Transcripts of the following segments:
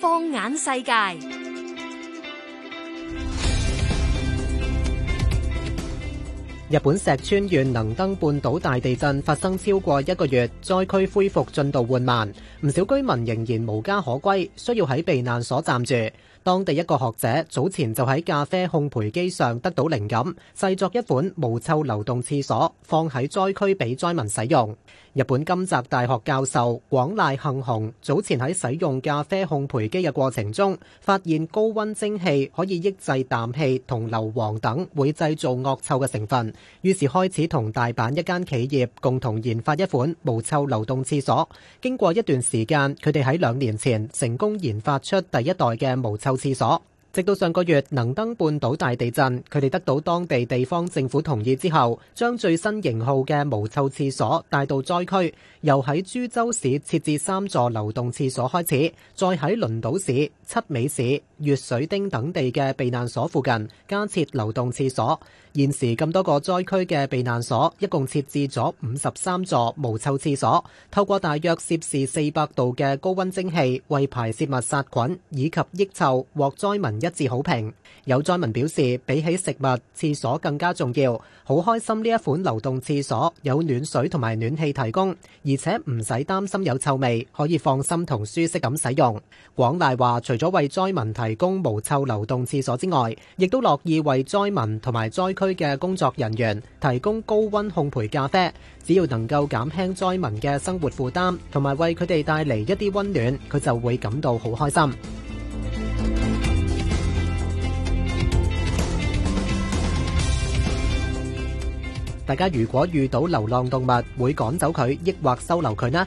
放眼世界，日本石川縣能登半島大地震發生超過一個月，災區恢復進度緩慢，唔少居民仍然無家可歸，需要喺避難所暫住。當地一個學者早前就喺咖啡烘焙機上得到靈感，製作一款無臭流動廁所，放喺災區俾災民使用。日本金澤大學教授廣瀨幸雄早前喺使用咖啡烘焙機嘅過程中，發現高溫蒸氣可以抑制氮氣同硫磺等會製造惡臭嘅成分，於是開始同大阪一間企業共同研發一款無臭流動廁所。經過一段時間，佢哋喺兩年前成功研發出第一代嘅無臭廁所，直到上個月能登半島大地震，佢哋得到當地地方政府同意之後，將最新型號嘅無臭廁所帶到災區，由喺珠洲市設置三座流動廁所開始，再喺輪島市、七尾市。穴水町等地嘅避難所附近加設流動廁所，現時咁多個災區嘅避難所一共設置咗五十三座無臭廁所，透過大約攝氏四百度嘅高溫蒸汽為排泄物殺菌以及抑臭，獲災民一致好評。有災民表示，比起食物，廁所更加重要，好開心呢一款流動廁所有暖水同埋暖氣提供，而且唔使擔心有臭味，可以放心同舒適咁使用。廣大話，除咗為災民提提供無臭流動廁所之外，亦都樂意為災民同埋災區嘅工作人員提供高溫烘焙咖啡。只要能夠減輕災民嘅生活負擔，同埋為佢哋帶嚟一啲溫暖，佢就會感到好開心。大家如果遇到流浪動物，會趕走佢，抑或收留佢呢？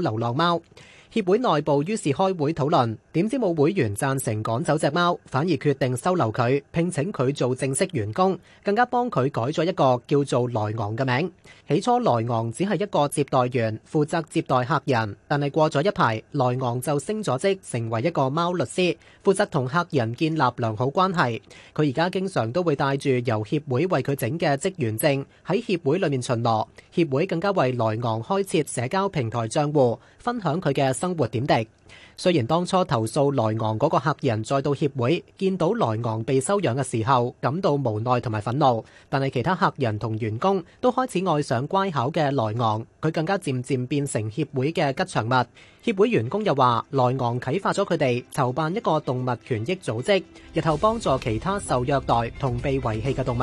流浪貓。協會內部於是開會討論，點知冇會員贊成趕走隻貓，反而決定收留佢，聘請佢做正式員工，更加幫佢改咗一個叫做萊昂嘅名。起初萊昂只係一個接待員，負責接待客人，但係過咗一排，萊昂就升咗職，成為一個貓律師，負責同客人建立良好關係。佢而家經常都會帶住由協會為佢整嘅職員證喺協會裡面巡邏。協會更加為萊昂開設社交平台賬戶，分享佢嘅生活點滴。雖然當初投訴萊昂嗰個客人再到協會見到萊昂被收養嘅時候感到無奈同埋憤怒，但係其他客人同員工都開始愛上乖巧嘅萊昂。佢更加漸漸變成協會嘅吉祥物。協會員工又話：萊昂啟發咗佢哋籌辦一個動物權益組織，日後幫助其他受虐待同被遺棄嘅動物。